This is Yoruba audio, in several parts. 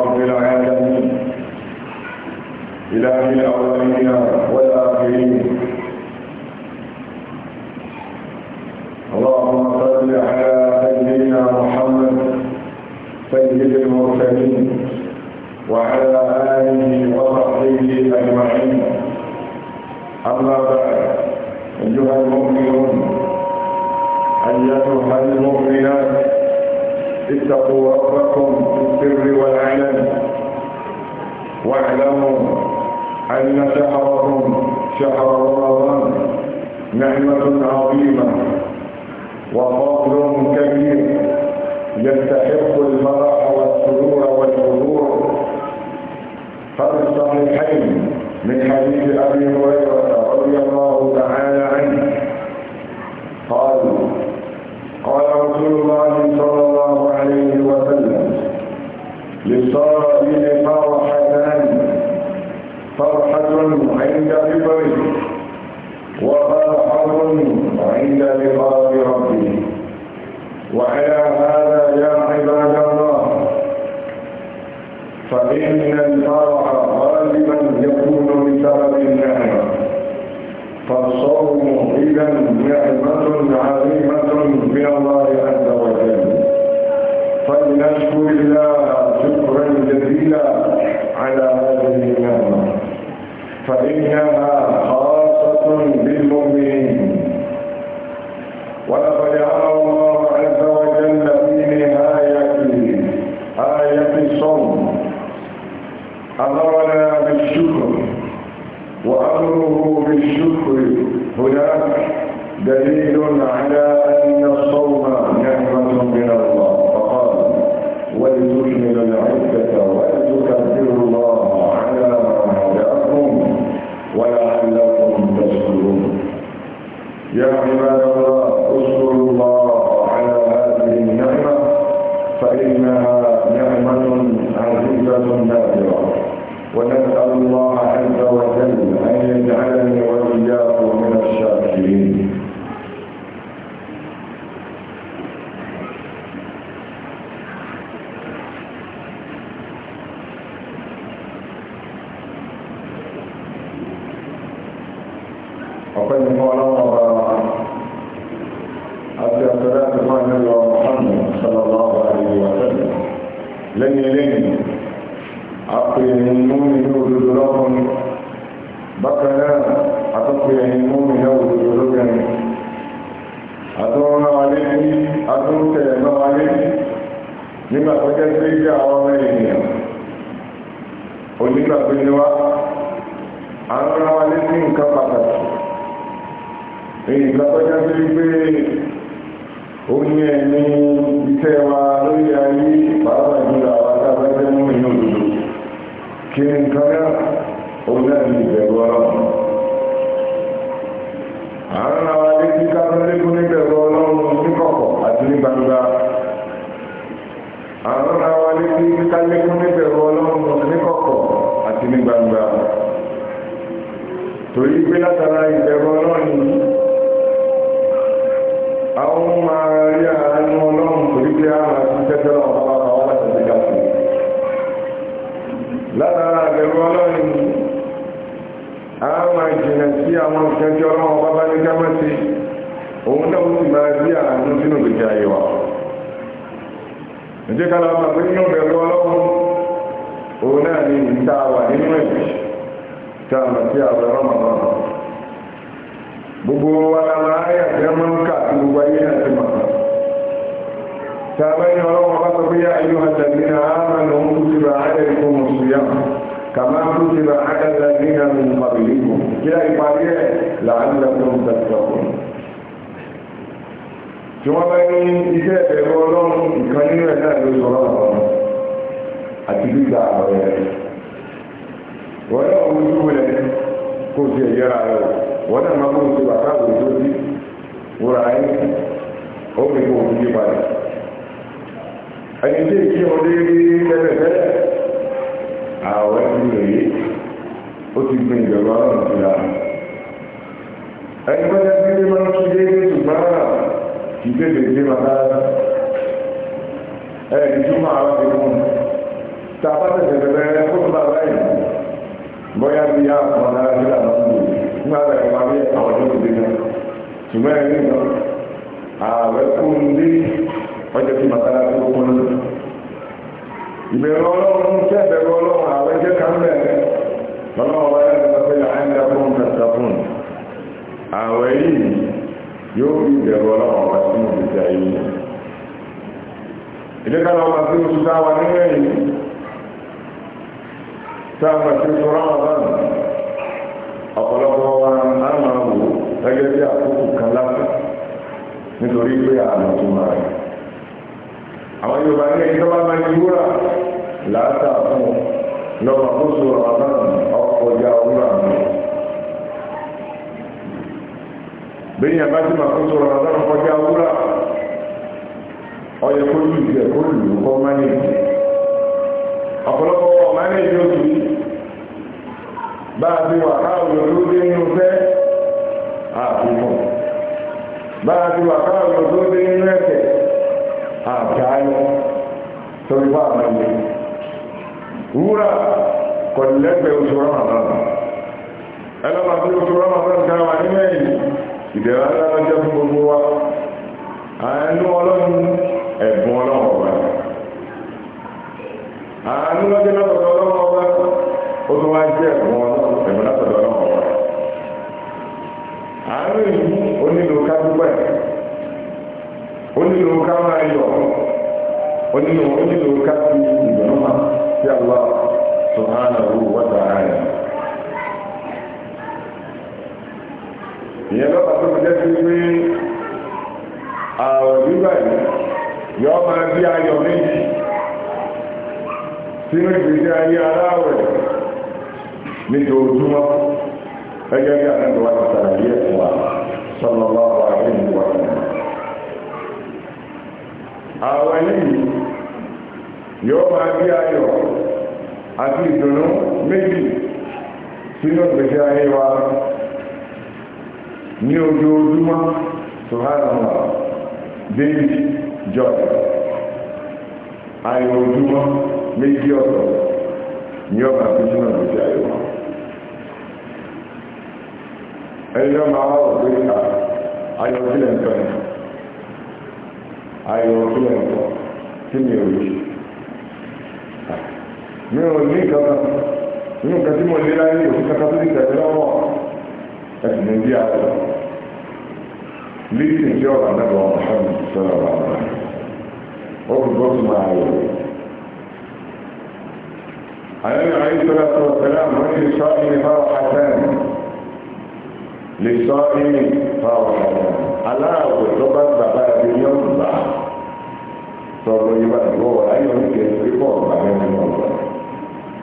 رب العالمين إله الأولين والآخرين اللهم صل على سيدنا محمد سيد المرسلين وعلى آله وصحبه أجمعين أما بعد أيها المؤمنون أيتها المؤمنات اتقوا ربكم في السر والعلن واعلموا أن شهركم شهر رمضان نعمة عظيمة وفضل كبير يستحق المرح والسرور والغرور فالصحيحين من حديث أبي هريرة ọ̀pẹ́ ní fún ọlọ́wọ́ ọba àti àtọ́lá àti fún ẹni lọ mọ́hánù sọlọ́lá ọba àdìgbò àtẹ́lẹ̀ lẹ́yìn lẹ́yìn àpè ẹ̀yìnmú nínú òdodo lọ́kùnrin bákan náà àtọ́pè ẹ̀yìnmú nínú òdodo lọ́kùnrin àtọ́rọ̀ àwọn ọmọ ènìyàn onígbàgbé ni wá àwọn ará wa létí nǹkan nǹkan tọ́jọ́ sí wípé ó ní ẹni iṣẹ́ wa lórí ayé pàápàá jùlọ àwọn atábẹ́jẹ́ mú inú òdodo kí nǹkan náà ó náà ní ìbẹ̀rù ọlọ́run àárín àwọn adé tí káfíńlẹ́kùn níbẹ̀rù ọlọ́run níkọ̀kọ̀ àti ní gbangba àwọn àwọn létí àti ní gbangba torí pé látara ìbẹ̀rù ọlọ́run yìí máa rí àánú ọlọ́run torí pé a máa fi tẹ́tẹ́ lọ́wọ́ bá bá wá láti ṣe káfí. látara àbẹ̀rù ọlọ́run a máa jìnà sí àwọn ìkẹ́jọ́ ọlọ́run bá bá ní gámẹ́sì òun náà ó sì máa rí àánú sínú ìgbésí ayé wa. ǹjẹ́ gbogbo wa lára من كاتب بين المقام كما يرون غضب يا ايها الذين امنوا كتب عليكم الصيام كما كتب على الذين من قبلكم كلا يقال لعلكم تتقون ثم بني اسرائيل يقولون كانوا يسالون اتبعوا عليهم ولو قلت لك قلت يا جرى ولما قلت بقى قلت wúra ayé ó fi kó òfin yípadà ẹni tí ìkí wọn dé rí tẹ́lẹ̀tẹ́lẹ̀ ààwẹ̀ ti lè yé ó ti gbin ìjọba ọ̀run ti ra ẹni tó jẹ́ sí ilé máa ń tún dé ní ṣùgbọ́n kì í tètè dé màtá ẹni tó máa wá sí tá a bá tẹ̀sẹ̀ tẹ̀sẹ̀ kó tó báyìí bóyá bí a kọ̀ náà nígbà máa ń lò ṣùgbọ́n ẹni lọ ààrẹ fún ilé ọjọ́ tí màtàlá tó kún lọ ìbẹ̀rù ọlọ́run tí ẹ̀bẹ̀rù ọlọ́run ààrẹ jẹ́ ká ń bẹ̀rẹ̀ lọ́lọ́run wáyé lọ́pẹ́ pé àìyá fún kẹta fún ààrẹ yìí yóò fi ìbẹ̀rù ọlọ́run wá sí ìgbésí ayé yìí ìdíkà lọ́wọ́ sí oṣù táwa nínú ẹ̀yìn táwọn ti sọ̀rọ̀ àwọn ọ̀pọ̀lọpọ̀ wa gẹ́gẹ́ bí àkókò kan lásán nítorí pé àmọ́ tó máa rẹ̀ àwọn Yorùbá ní ẹni tó bá máa ní wúrà láàtà fún lọ́wọ́ àkóso ọ̀rọ̀ náà ọkọjá wúrà mi bẹ́ẹ̀ni àbájú máa kóso ọ̀rọ̀ náà ọkọjá wúrà ọyẹ kó lù ìgbẹ́ kó lù ú kọ́ máa ní ìgbẹ́ ọ̀pọ̀lọpọ̀ ọ̀máníjì oṣù bá a ti wà káwọn olóde nínú fẹ́ẹ́ àfikún bá a ti wà káwọn lọ tó dé nínú ẹ̀kẹ́ àtàlù torí wà máa lè wúrà kọ̀lẹ́gbẹ̀ẹ́ oṣù ramadan ẹlọ́mà tí oṣù ramadan ká wà nínú ẹ̀yìn ìdẹ̀rẹ̀ alájọ́ fún gbogbo wa àánú ọlọ́run ẹ̀bùn ọlọ́run ọba àánú lọ́jọ́ lọ́tọ̀ọ́ ọlọ́run ọba ó tún wá jẹ́ ẹ̀bùn ọlọ́run àárín yìí ó ká dúpẹ́ ó ká máa yọ̀ ó nílò ká fi ìgbọ̀nà máa sí Allah subhanahu wa ta'ala. ìyẹn lọ́pàá tó fi jẹ́ pé ààrùn gbígbà yìí yọ máa bí ayọ̀ méjì sínú ìgbésí ayé aláwẹ̀ nítorí ojúmọ́. gẹ́gẹ́ bí àwọn ìwà ti sàlàyé ẹ̀sìn wa sọ́nà bá wà ní ìwà rẹ̀. àwọn eléyìí yóò máa bí ayọ̀ àti ìdùnnú méjì sínú ìgbésí ayé wa ní ojoojúmọ́ subhanallah david job ayọ̀ ojúmọ́ méjì ọ̀tọ̀ ni ọba àti sínú ìgbésí ayé wa ẹjọ́ máa wá wọ̀ pé ayọ̀ sílẹ̀ ń tọ́ ni ayọ̀ sílẹ̀ ń tọ́ tí mi ò rí mi ò ní kankan nínú nǹkan tí mo lé láyé òfin kankan tó ti tẹ̀lé lọ́wọ́ ẹ̀sìn ní bí àwọn lísìn tí ọ̀rọ̀ àdábọ̀ ọ̀hún sọ̀rọ̀ àwọn ọkùnrin tó tún máa yọ̀ عليه عليه الصلاة والسلام وجه الصائم فرحتان lè sọ ẹni fa ọ̀rọ̀ aláàbò tó bá bàbá rẹ̀ ní ọ̀gbà sọ̀rọ̀ yìí bá gbọ́ ayọ̀ ní kẹ́ sí pọ̀ ọ̀gbà rẹ̀ ní ọ̀gbà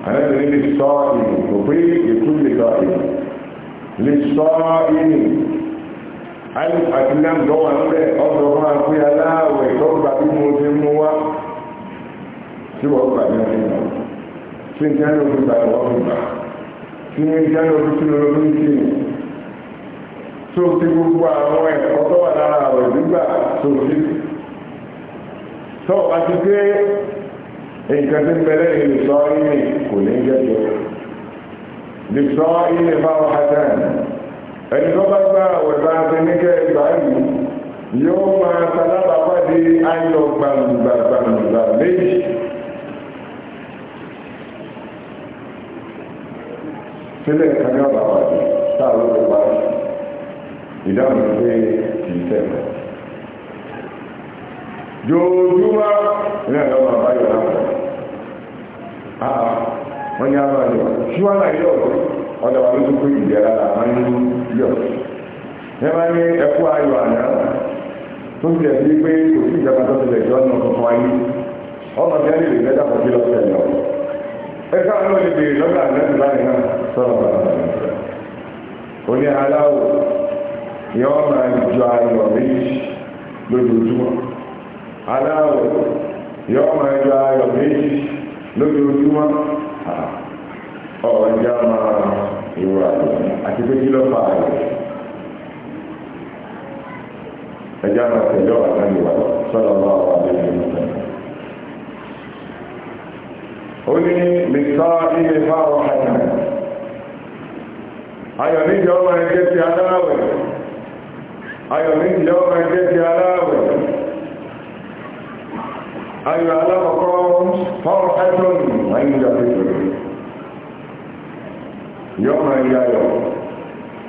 àlẹ́ lè sọ ẹni kò pé èkú lè sọ ẹni lè sọ ẹni àti náà dọ́wà ń bẹ̀ ọ̀sọ̀ fún akpé aláàwẹ̀ tó gbà bí mo ti mú wá tí wọ́n gbà ní ọ̀gbà tí ní ojú gbà ní ọ̀gbà tí ní ojú tí n lọ́dún tí tó ti gbogbo àwọn ẹ̀kọ́ tó wà lára rẹ̀ nígbà tó ti tọ́ àti pé nǹkan tí bẹ̀rẹ̀ ìlú sọ ilé kò ní jẹ́ tó lè sọ ilé bá wà hátán ẹni tó bá gbá àwẹ̀ bá ti ní kẹ́ ìgbà yìí yóò máa talábàpàdé ayọ̀ gbàǹgbàǹgbà méjì sílẹ̀ kan yóò bá táwọn olùpàá ìdáhùn pé kì í tẹ̀lé jòjúmọ́ ilé ẹ̀rọ máa bá yọ̀ lápò àà ah, wọ́n ní àwọn àjọ tí wọ́n náà yọ̀ ọ̀dọ̀ wa lójú pé ìjẹ́ra àwọn yọ̀ ẹ máa ní ẹkú ayọ̀ àná tó ti ẹ̀sí pé kò sí ìjọba tó ti lè jọ ọ̀nà tuntun ayé ọmọ mi á lè lè lẹ́dà pọ̀ sí lọ́sẹ̀ lọ ẹ káà náà lè béèrè lọ́dọ̀ àná ti láyé náà sọ̀rọ̀ bàbá mi aláwọ̀ yọ máa jọ ayọ̀ méjì lójoojúmọ́ aláwọ̀ yọ máa jọ ayọ̀ méjì lójoojúmọ́ ọ̀ọ́jà máa ìwà àti pé kí ló fà á yẹ ẹjá máa tẹ̀lé ọ̀gá ìwà sọ́dọ̀ bá wà lẹ́yìn ìwà ó ní lìtọ́ ilé fáwọn àjàmẹ́ ayọ̀ níjọ́ máa jẹ́ ti aláwẹ̀ ayọ̀ méjì lọ́wọ́ máa jẹ́ ti aláàwẹ̀ ayọ̀ alákọ̀ọ́kọ́ fọ́ọ̀rọ̀ ẹ̀tọ́nù ayélujára pẹ̀lú yọ́ máa yá yọ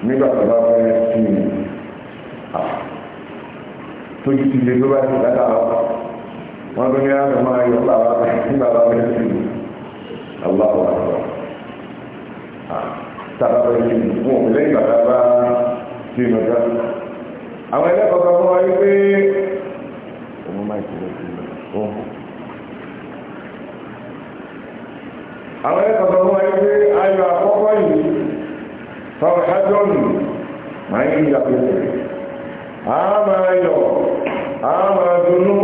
nígbà tó bá fẹ́ sí i tó ju ti lè tó bá ti dáadáa lọ wọ́n tó ní àná máa yọ nígbà bá fẹ́ sí i aláwọ̀ àgbà fẹ́ sí i wọn ò lẹ́yìn sí i àwọn ẹlẹ́kọ̀ọ́ kan fún wa yí pé òun máa ìṣẹ̀lẹ̀ sí ohun àwọn ẹlẹ́kọ̀ọ́ kan fún wa yí pé ayọ̀ àkọ́kọ́ yìí fáwọn ṣájọ́nù máa ń yíya pẹ̀lú a máa yọ a máa dunú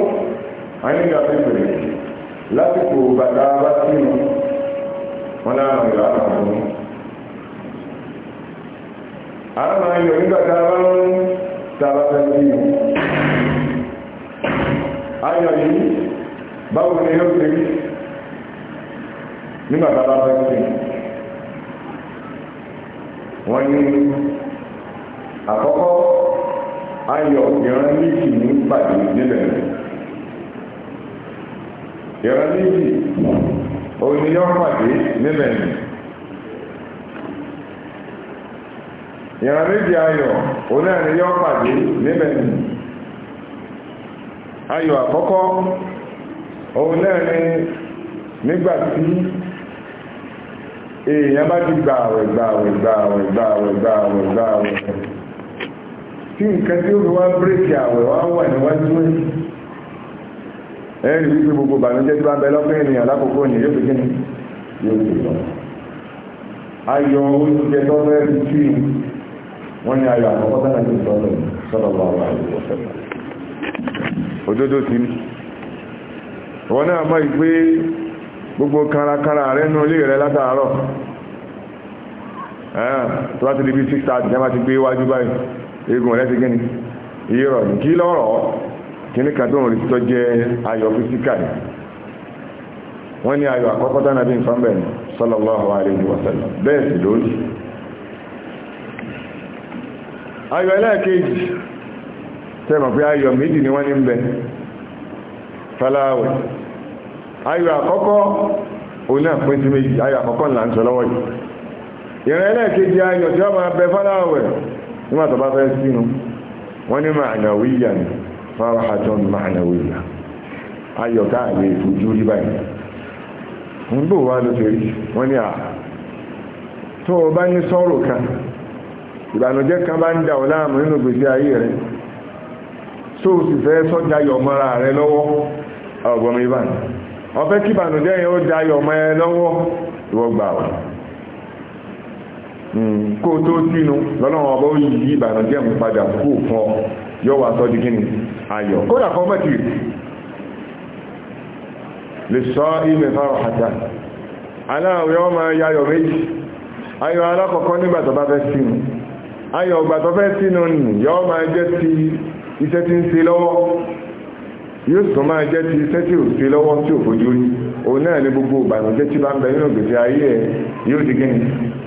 a ń yíya pẹ̀lú lásìkò bàtà bá sínú wọn náà máa yọ àwọn àwọn a máa yọ nígbà tá a bá ń tàbátà sí ayọ̀ yìí báwo ni yóò ṣe rí nígbà tàbátà sí wọ́n ní àkọ́kọ́ ayọ̀ ìran méjì ní pàdé nílẹ̀ ìran méjì òun ni ìran méjì ayọ̀ òun náà ni yọ́ pàdé níbẹ̀ ayọ̀ àkọ́kọ́ òun náà ni nígbà tí èèyàn bá ti gbà àwẹ̀ gbà àwẹ̀ gbà àwẹ̀ gbà àwẹ̀ gbà àwẹ̀ gbà àwẹ̀ tí nǹkan tí ó fi wá bírèkì àwẹ̀ wá wà níwájú ẹ̀ ẹ̀rí wípé gbogbo bànújẹ́ tí wá bẹ lọ́pẹ́ ènìyàn lákòókò ní yóò fi kí ni yóò fi lọ ayọ̀ oúnjẹ tó fẹ́ fi kí ni wọ́n ní ayọ̀ àkọ́kọ́ tánà ní ìsọ́lọ̀ sọ́lọ̀lọ́ àwọn àìwọ̀sẹ̀lá òdodo ti ní wọ́n náà mọ́ ìpé gbogbo kárakára rẹ̀ nú ilé rẹ̀ látàárọ̀ tó láti di bí 6,000 jẹ́ máa ti gbé wájú báyìí eégún rẹ̀ ti gíní iye rọ̀ ní kí lọ́rọ̀ kíní kan tó ń rí tó jẹ́ ayọ̀ físíkà ni wọ́n ní ayọ̀ àkọ́kọ́ tánà bí ìsọ́lọ̀ sọ́lọ̀lọ́ àwọn àìwọ̀sẹ̀lá bẹ́ẹ̀ sì lórí ayọ̀ ẹlẹ́ẹ̀kejì tẹ́mọ̀ pé ayọ̀ méjì ni wọ́n ní ń bẹ fẹ́láwẹ̀ ayọ̀ àkọ́kọ́ òun náà pín sí méjì ayọ̀ àkọ́kọ́ ńlá ń sọ lọ́wọ́ yìí ìrìn ẹlẹ́ẹ̀kejì ayọ̀ tí wọ́n máa bẹ fẹ́láwẹ̀ nígbà tó bá fẹ́ sínú wọ́n ní ni ìbànújẹ́ kan bá ń dà ọ nínú gbèsè ayé rẹ tó sì fẹ́ sọ dayọ̀ mọ́ra lọ́wọ́ ọ̀gbọ̀n mi bàánù kí ìbànújẹ́ yẹn ó ẹ lọ́wọ́ hmm, kó o tó sínú lọ́lọ́run ayọ̀ lè sọ alákọ̀ọ́kọ́ nígbà bá fẹ́ ayọ̀ ọgbà tó fẹ́ sínú nì yọ́ máa jẹ́ ti iṣẹ́ tí ń ṣe lọ́wọ́ yóò sì tún máa jẹ́ ti iṣẹ́ tí ò ṣe lọ́wọ́ tí ò fojú rí òun náà ní gbogbo ìbànújẹ́ tí bá ń bẹ nínú gbèsè ayé ẹ̀ yóò di gíní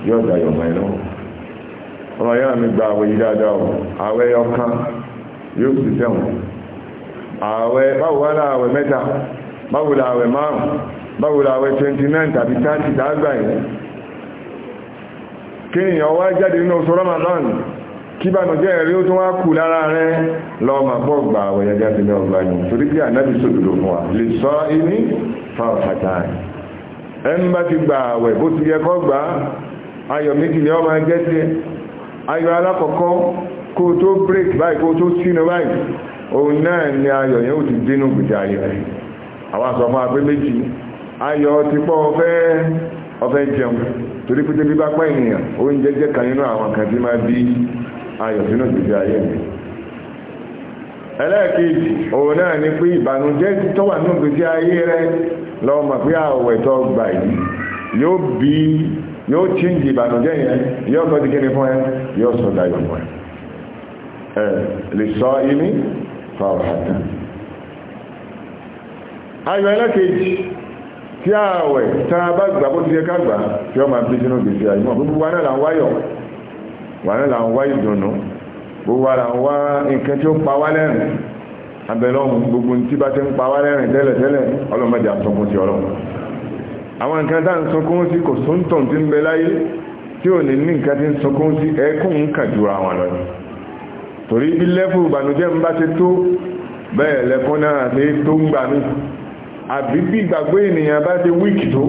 yóò dà yọ̀ máa lọ́wọ́ ọmọ yóò mi gba àwẹ̀ yìí dáadáa o àwẹ̀ ọkàn yóò sì sẹ́wọ̀n àwẹ̀ báwo wá láàwẹ̀ mẹ́ta báwo láàwẹ̀ márùn báwo láàwẹ̀ 29 tàbí 30 dágbà yẹn kéèyàn wá jáde nínú oṣù Ramadan kí bànújẹ́ rí ó tún wá kù lára rẹ lọ́mà pọ̀ gbà àwẹ̀yẹ jáde ní ọgbà yìí torí bí ànábì sòdòdò fún wa lè sọ iní fàfàtà ẹ̀ ń bá ti gbà àwẹ̀ bó ti yẹ kọ́ gbà ayọ̀ méjì ni ọ máa jẹ́ sí ayọ̀ alákọ̀ọ́kọ́ kó tó break báyìí kó tó sínú báyìí òun náà ni ayọ̀ yẹn ó ti dínú gbèjà ayọ̀ rẹ̀ àwọn àsọ̀fún apẹ́ méjì ayọ̀ ti pọ̀ fẹ́ẹ́ ọfẹ́ jẹun torí pété bí bá pẹ́ ènìyàn oúnjẹ jẹ́ kan nínú àwọn kan tí máa bí ayọ̀ sínú ìgbésí ayé mi ẹlẹ́ẹ̀kejì òun náà ni pé ìbànújẹ́ tó wà nínú ìgbésí ayé rẹ lọ́wọ́ mọ̀ pé àwẹ̀ tó gbà yìí yóò bí yóò chíǹjì ìbànújẹ́ yẹn yóò sọ di kíni fún ẹ yóò sọ dayọ̀ fún ẹ lè sọ imí fàwọn àtàn ayọ̀ ẹlẹ́ẹ̀kejì tí ààwẹ̀ tá a bá gbà bó ti yẹ ká gbà tí wọ́n máa bí sínú gbèsè àyíwọ̀n gbogbo wa náà là ń wáyọ̀ wà náà là ń wá ìdùnnú gbogbo wa là ń wá nǹkan tí ó pa wá lẹ́rìn abẹ́lẹ́ ọ̀hún gbogbo tí bá ti ń pa wá lẹ́rìn tẹ́lẹ̀ tẹ́lẹ̀ ọlọ́mọdé àtọkùn ti ọlọ́run àwọn nǹkan tá à ń sọkún sí kò sóńtàn tí ń bẹ láyé tí ò ní ní nǹkan tí ń sọkún sí ẹkùn ń kà jù àwọn lọ torí bí lẹ́fù ìbànújẹ́ ń bá ti tó bẹ́ẹ̀ lẹ́kún náà ti tó ń gbà mí àbí bí ìgbàgbé ènìyàn bá ti wíkì tó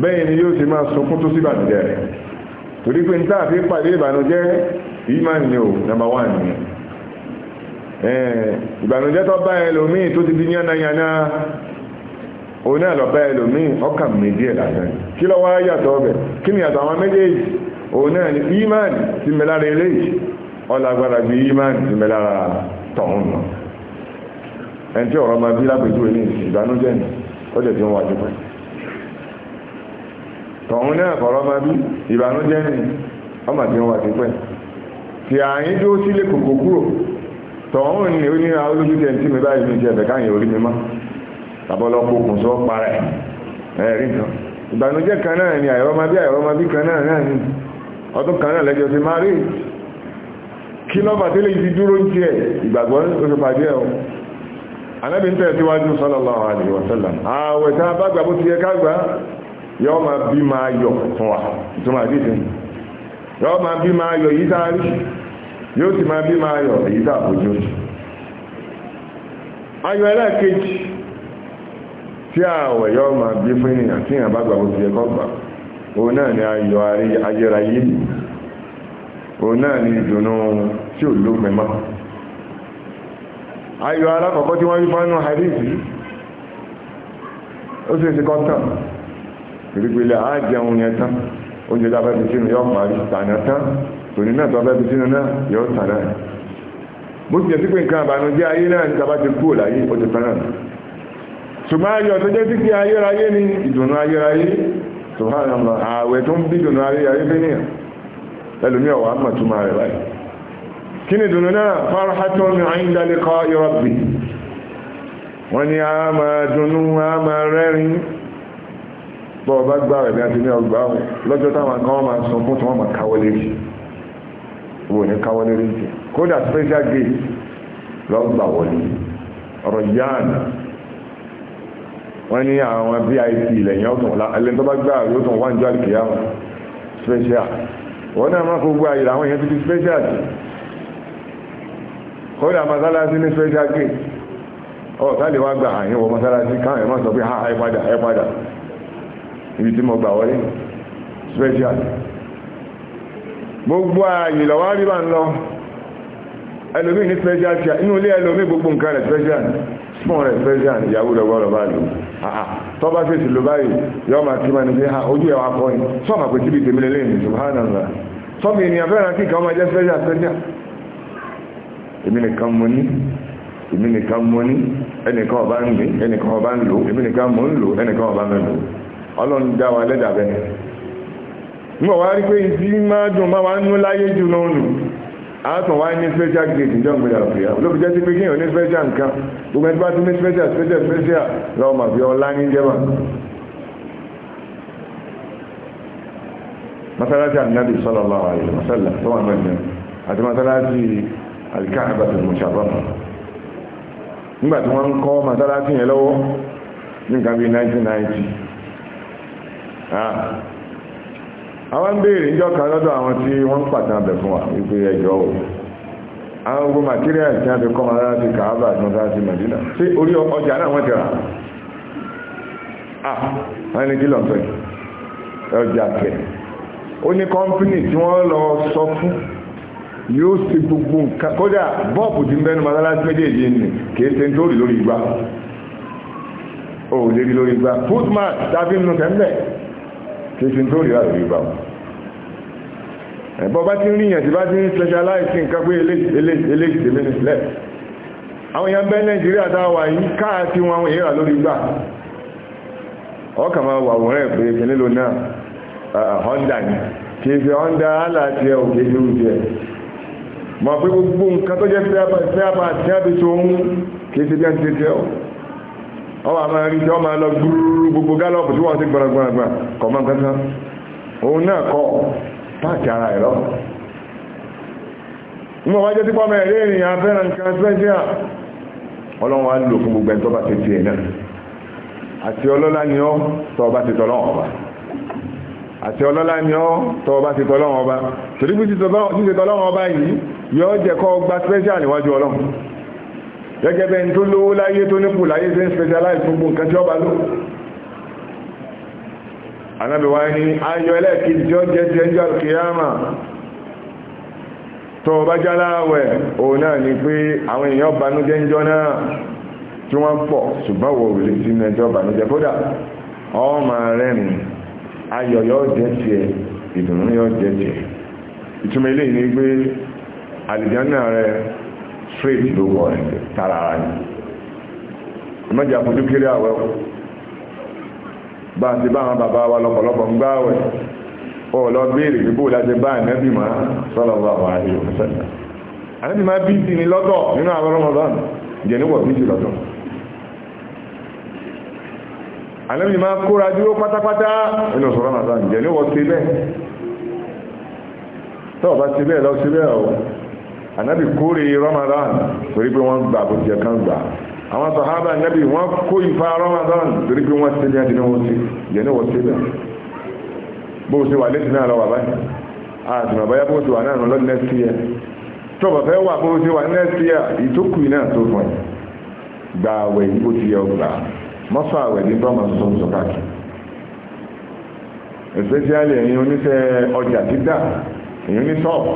bẹ́ẹ̀ ni yóò ti máa sunkún tó sí ìbànújẹ́ torí pé níta àfi pàdé ìbànújẹ́ ni ò nàmbà wà nìyẹn ìbànújẹ́ tó bá ẹlòmíì tó ti di yánnayànna òun náà lọ bá ẹlòmíì ọkàn méjì ni ti ẹni tí ọ̀rọ̀ máa bí lápẹjúwe ní ìbànújẹ́ ní ọjọ́ tí wọ́n wájú pẹ̀ tọ̀hún náà kọ̀rọ̀ máa bí ìbànújẹ́ ní ọmọ tí wọ́n wájú pẹ̀ tí àyín tó sílé kòkó kúrò tọ̀hún ní onírà olójú tẹ̀ tí mi báyìí ní ti ẹ̀bẹ̀ káyìn orí mi mọ́ tàbọ́lọ́pọ̀ kùn sọ́ parẹ́ ẹ̀rí nǹkan ìbànújẹ́ kan náà ni àìrọ́mọ bí àìrọ́mọ bí kan náà náà ni ọdún kan náà lẹ́jọ́ sí máa rí kí anábì ń tẹ̀síwájú sallallahu a bá gbà bó ti yẹ ká gbà ma máa bí máa yọ fún wa ìtumọ̀ àdìsí yọ ma bí máa yọ èyí tá a rí yóò sì máa bí máa yọ èyí tá a fojú sí. ayọ̀ ẹlẹ́ẹ̀kejì tí ààwẹ̀ yọ máa bí fún ènìyàn tí bá gbà bó ayọ̀ alákọ̀ọ́kọ́ tí wọ́n rí fánú hadithi ó sì ti kọ́tàn ìrìgbìlẹ̀ àájẹun yẹn tán oúnjẹ tó afẹ́fẹ́ sínú yọ parí tànà tán tòní náà tó afẹ́fẹ́ sínú náà yọ tànà bó ti jẹ́ sí pé nǹkan àbànújẹ́ ayé náà ní tàbá ti kúrò láyé ó ti tán náà ṣùgbọ́n ayọ̀ tó jẹ́ sí ayérayé ni ìdùnnú ayérayé ṣùgbọ́n àwẹ̀ tó ń bí ìdùnnú ayérayé fẹ́ kí ni dùnú náà farhatun inda liqa'i rabbi wọ́n ni a máa dùnú a máa rẹ́rìn bọ́ ọba gbá rẹ̀ bí a ti ní ọgbà lọ́jọ́ táwọn kan máa sọ fún wọ́n máa àwọn vip lẹ́yìn ọ̀tún ẹlẹ́ni tó bá gbá yóò tún wá ní jọ́ àlùkìyà wọn special wọ́n náà máa fọ́ gbá ìlà àwọn èèyàn ti special kọ́lá masalasi ní special gate ọ̀tálẹ̀ wá gbà àyẹ̀wò masalasi káwọn ẹ̀mọ́ sọ pé ha ẹ padà ẹ padà ibi tí mo gbà wọlé special gbogbo ààyè lọ́wọ́ rí bá ń lọ ẹlòmí ní special chair inú ilé ẹlòmí gbogbo nǹkan rẹ̀ special small rẹ̀ special ìyàwó lọ́wọ́ lọ́wọ́ lò tọ́ bá fèsì ló báyìí yọ́ máa tí ma ní pé ha ojú ẹwà kọ́ ni sọ́mà pé tíbi tèmi lélẹ́yìn subhanallah sọ́mì ènìyàn fẹ́ràn kíkà ọmọ jẹ́ special special èmi nìkan mo ní èmi nìkan mo ní ẹnìkan ọba ń ní ẹnìkan ọba ń lò èmi nìkan mo ń lò ẹnìkan ọba ń lò ọlọ́run dá wa lẹ́dà bẹ́ẹ̀ mọ̀ wá rí pé ìdí máa dùn máa wá ń nú láyé jù lónù àátùn wá ní special grade ìjọ ìgbéyàwó fìyà ló fi jẹ́ sí pé kí èèyàn ní special nǹkan gbogbo ẹni bá tún ní special special special lọ́wọ́ mà fi ọlá ní jẹ́mà masalasi anabi sallallahu alaihi wasallam tó wà mẹ́rin àti masalasi alikaaba tó mùsàbàmù nígbà tí wọ́n ń kọ́ màsálásí yẹn lọ́wọ́ ní nǹkan bíi 1990 àwọn ń béèrè ìjọ kan lọ́dọ̀ àwọn tí wọ́n ń pàtàn abẹ fún wa wípé ẹjọ́ o àwọn gbogbo material tí wọ́n fi kọ́ màsálásí kaaba tó mùsàlásí Madina sí orí ọjà náà wọ́n ti rà ah wọ́n ní kí lọ́nfẹ́ ọjà kẹ ó ní kọ́mpínì tí wọ́n lọ sọ fún yóò ṣe gbogbo nǹkan kódà bọ́ọ̀bù ti ń bẹ́nu mọ́sálásí méjèèjì ni kìí ṣe ń tó rí lórí igbá ó lè rí lórí igbá footman tàbí nù tẹ́ńbẹ̀ kìí ṣe ń tó rí lórí igbá ẹ̀bọ́ bá ti ń ríyàn tí bá ti ń specialize nǹkan pé eléjìdè minutes left àwọn èèyàn bẹ́ Nàìjíríà dáwà yí káà tí wọn àwọn èèyàn lórí igbá ọkà máa wà wọ́n rẹ̀ pé kìnnìlò náà Honda ni kìí ṣe Honda aláàtì ẹ̀ òkè lórí jẹ́ ma pé gbogbo nǹkan tó jẹ́ fẹ́àbà tí a bí tó ń kìí ṣe bí a ti ṣe tẹ́ ọ ọwọ́ àmà rí tí ọ máa lọ gbúrú gbogbo gálọ́pù tí wọ́n ti gbọ́nagbọ́nagbà kọ̀ mọ́ nǹkan òun náà kọ páàkì ara ẹ̀ lọ mọ̀ wájẹ́ tí pọ́mọ ẹ̀rẹ́ ènìyàn abẹ́rẹ́ nǹkan special ọlọ́run wá lò fún gbogbo ẹ̀ tó bá ti tiẹ̀ náà àti ọlọ́lá ni ọ́ tọ́ ọba ti tọ́lọ́wọ́n ọba àti ọlọ́lá ni ọ́ tọ́ ọba ti tọ́lọ́wọ́n ọba torí bí ti tọ́lọ́wọ́n ọba yìí yóò jẹ́ kọ́ gba special níwájú ọlọ́run gẹ́gẹ́ bẹ́ẹ̀ ní tó lówó láyé tó nípò láyé tó ń specialize gbogbo nǹkan tí ó bá ló anábẹ̀wá ní ayọ̀ tí ó jẹ́ ti ẹjọ́ kìíyàmà tó bá òun náà ni pé àwọn èèyàn náà tí wọ́n pọ̀ ṣùgbọ́n wò lè sí ẹjọ́ kódà ọmọ àlìjánà rẹ̀ straight ló wọ̀ ẹ̀ tara ara ni ọmọdé àfojú kéré àwẹ̀ bá ti bá àwọn bàbá wa lọ́pọ̀lọpọ̀ ń gbá àwẹ̀ ó lọ béèrè pé bóòlá ti bá ànábì máa sọ́lọ̀ wà wà ní òmùsẹ́lẹ̀ ànábì máa bí sí ni lọ́dọ̀ nínú àwọn Ramadan jẹ̀níwọ̀ bí sí lọ́dọ̀ ànábì máa kóra dúró pátápátá nínú sọ̀rọ̀ Ramadan jẹ̀níwọ̀ sí bẹ́ẹ̀ tọ́ọ̀ bá sí bẹ́ẹ̀ lọ ànábì kórè Ramadan torí pé wọ́n gbà bó ti gbà àwọn sàhábà ànábì wọ́n kó ìfà Ramadan torí pé wọ́n sílẹ̀ àti níwọ̀n sí yẹn níwọ̀n sílẹ̀ bó ṣe wà létí náà lọ́wọ́ báyìí àtìmọ̀ báyá bó ṣe wà náà lọ́dún next year tọ́bọ̀ fẹ́ wà bó ṣe wà next year ìtókù náà tó fún ẹ̀ gba àwẹ̀ yìí ti yẹ àwẹ̀ ní bá máa káàkiri especially ẹ̀yin oníṣẹ́ ọjà dídà ẹ̀yin oníṣọ́ọ̀bù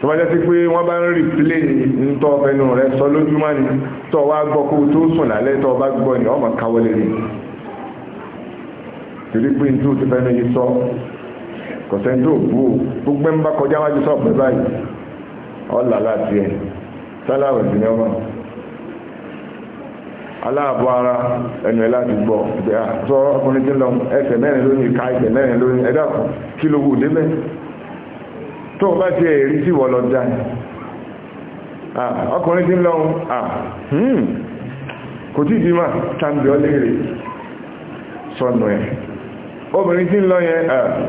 tó bá jẹ́ sí pé wọ́n bá ń rí pílé ní tọ́ ọ̀fẹ́nu rẹ̀ sọ lójúmọ́ ni tọ́ wá gbọ́ kó tó sùn lálẹ́ tọ́ bá gbọ́ ni ọmọ káwọlé ni torí pé ti fẹ́nu yìí sọ tó bú o gbogbo ń bá kọjá wájú sọ pé báyìí ọ̀là láti ẹ̀ sálàwẹ̀ sí ni aláàbọ̀ ara tó bá ti ẹ̀rí sí wọ́n lọ dá ọkùnrin tí ń lọ́hun hmm, kò tí ìdí máa tàbí ọlẹ́rẹ̀ sọ́nà ẹ̀ obìnrin tí ń lọ yẹn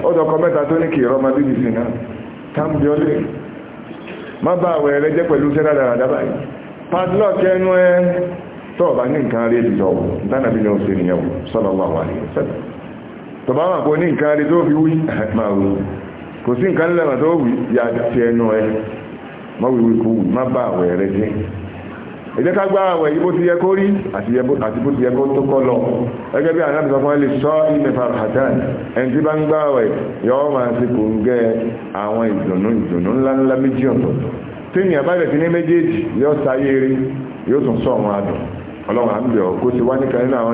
ọdọ̀kọ mẹ́ta tó ní kì rọ́mà bíbí sí náà tàbí ọlẹ́rẹ̀ má bá àwẹ̀ rẹ jẹ́ pẹ̀lú sẹ́dá dáradá báyìí padlock ẹnu ẹ tó ọ̀bá ní nǹkan rí dánàbí ni ní kò sí nǹkan lẹ́wọ̀n tó wù ya ti ẹnu ẹ má wíwí kú wù má bá àwẹ̀ rẹ ká gba àwẹ̀ yìí bó ti yẹ kó rí àti bó ti yẹ kó tó lọ gẹ́gẹ́ bí àná sọ ilẹ̀ farahatan ẹni tí bá gba àwẹ̀ yọ máa ti kò ń gẹ àwọn ìdùnnú ìdùnnú ńláńlá méjì tí ènìyàn bá bẹ̀rẹ̀ sí ní méjèèjì yóò rí yóò tún sọ àdùn kó ti wá nínú àwọn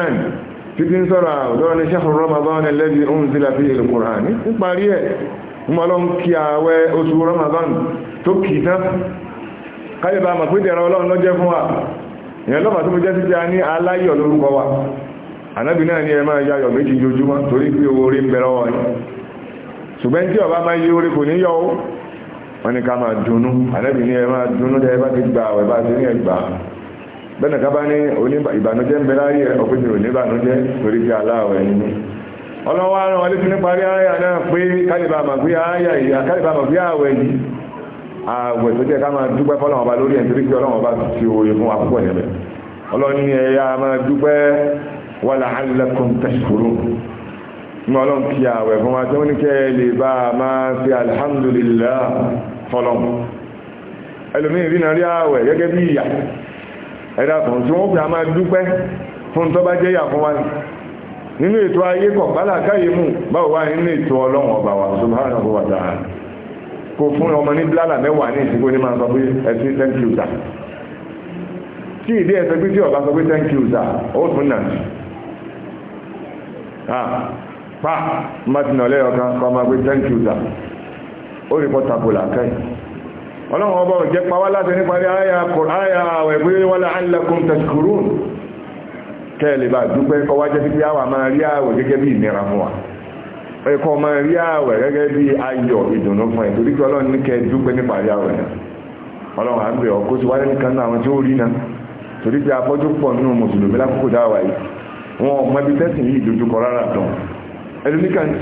tí títí ń sọ́rọ̀ àwùjọ́ ní ṣẹ́fù ramadan lẹ́bí oun sílá fi ìlú kùránì níparí ẹ̀ mọ́lọ́n kí àwẹ́ oṣù ramadan tó kì tán káyẹ̀ bá mọ̀ pé dẹ̀rọ ọlọ́run ló jẹ́ fún wa ìyẹn lọ́pà tó jẹ́ títí a ní aláyọ̀ lórúkọ wa ànábì náà ní ẹ máa yayọ̀ méjì jojúmọ́ torí pé owó orí ń bẹ̀rọ wa ni ṣùgbọ́n bẹ́ẹ̀ nìkan bá ní ìbànújẹ́ ń bẹ láyé ọ̀pẹ́jì ò ní ìbànújẹ́ torí kí aláwọ̀ ẹni ní ọlọ́wọ́ arán wọlé fún nípa rí àyà náà pé kálíbà màgbé àyà ìyà kálíbà màgbé àwẹ̀ yìí àwẹ̀ tó jẹ́ ká máa dúpẹ́ fọ́lọ́wọ́ bá lórí ẹ̀ntorí kí ọlọ́wọ́ bá ti oye fún akúkọ̀ níbẹ̀ ọlọ́ni ẹ̀yà máa dúpẹ́ wà láàrínlẹ́kùn tẹ̀sùkúrú ní rí àwẹ̀ gẹ́gẹ́ bí ìyà ẹ̀dá kan tí wọ́n fi a máa dúpẹ́ fún tó bá jẹ́ yà fún wa nínú ètò ayé kọ̀ bálà káyé mú báwo wá nínú ètò ọlọ́run ọba wa subhanahu wa ta'ala kò fún ọmọ ní blálà mẹ́wàá ní ìsìnkú ní máa sọ pé ẹtí thank you sir tí ìdí ẹsẹ̀ pé tí ọba sọ pé thank you sir ó tún nà ní ah, pa martin ọlẹ́yọ̀kan kọ́ máa pé thank you sir ó rí pọ́ tabola ọlọ́run ọba òjẹ́ pawá láti níparí àyà àwẹ̀ pé wọ́n láàrínlẹ́kùn tẹ̀sìkúrún kẹ́ẹ̀lẹ̀ bá dúpẹ́ kọwá jẹ́ pípẹ́ àwà máa rí àwẹ̀ gẹ́gẹ́ bí ìnira fún wa ẹ̀kọ́ máa rí àwẹ̀ gẹ́gẹ́ bí ayọ̀ ìdùnnú fún ẹ̀ torí pé ọlọ́run ní kẹ́ dúpẹ́ níparí àwẹ̀ náà ọlọ́run àgbẹ̀ ọkọ́ sí wáyé nìkan náà àwọn tí ó rí náà torí pé afọ́jú pọ̀ nínú mùsùlùmí lákòókò dáwà yìí wọn ọmọ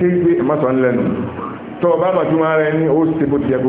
ibi bá màtí wọn ara ẹni ó ṣe bó ti yẹ kó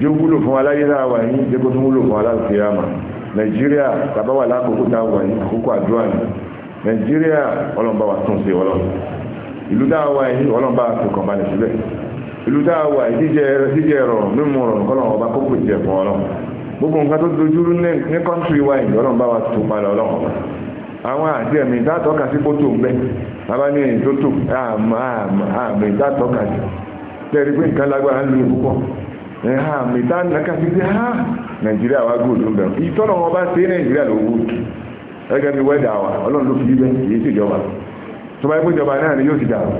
jẹ́ wúlò fún aláyéra wà ní jẹ́ kó tún wúlò fún aláàfíàmà nàìjíríà tàbá wà lákòókò tá a wà ní àkókò àdúrà ní nàìjíríà ọlọ́mbà wà tún ṣe ọlọ́ ìlú tá a wà yìí ọlọ́mbà tó kàn balẹ̀ sílẹ̀ ìlú tá a wà yìí jíjẹ rọrùn mímu rọrùn kọ́lọ́ ọba kókò jẹ fún ọlọ́ gbogbo nǹkan tó dojúrú ní kọ́ńtì wa yìí ọlọ́mbà wà tó balẹ̀ ọlọ́wọ́ àwọn àti ẹ̀mí ìdátọ́ka sí kótó ń bẹ́ bàbá ní ẹ̀yìn tó tó àmì ìdátọ́ka sí tẹ́rí pé nǹkan lágbára ń lu púpọ̀ ẹ̀hà eh, ha, nàkà fi ṣe ha naijiria wa góòlù ń bẹ̀rù ìtọ́nà wọn bá ṣe nàìjíríà ló wú ẹgẹ́ bí wẹ́dà fi ibe bẹ́ẹ̀ kì jọba ṣèjọba tó jọba na-anị yóò ti dàrú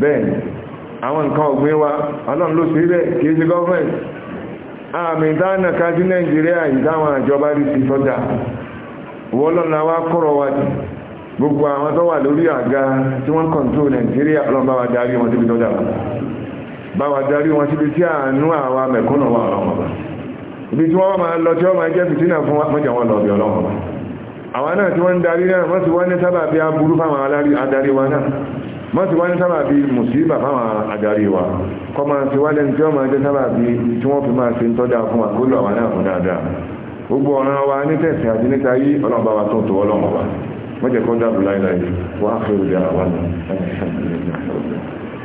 bẹ́ẹ̀ àwọn nǹkan wa ọlọ́run ló ṣe bẹ́ẹ̀ kì gọọmenti, ṣe gọ́ọ̀mẹ̀ntì àmì wa wa gbogbo tí wa bá wa darí wọn síbi tí àánú àwa mẹ̀kúnnà wà ọlọ́wọ́n bá ibi tí wọ́n máa lọ tí wọ́n máa jẹ́ fìtínà fún mọ́jà wọn lọ́bí ọlọ́wọ́n bá àwọn náà tí wọ́n ń darí náà wọ́n sì wọ́n ní sábà bí aburú fáwọn adarí wa náà wọ́n sì wọ́n ní sábà bí mùsíbà fáwọn adarí wa kọ́ máa sì wá lẹ́nu tí wọ́n máa jẹ́ sábà bí tí wọ́n fi máa ṣe ń tọ́jà fún àkólò àwọn náà fún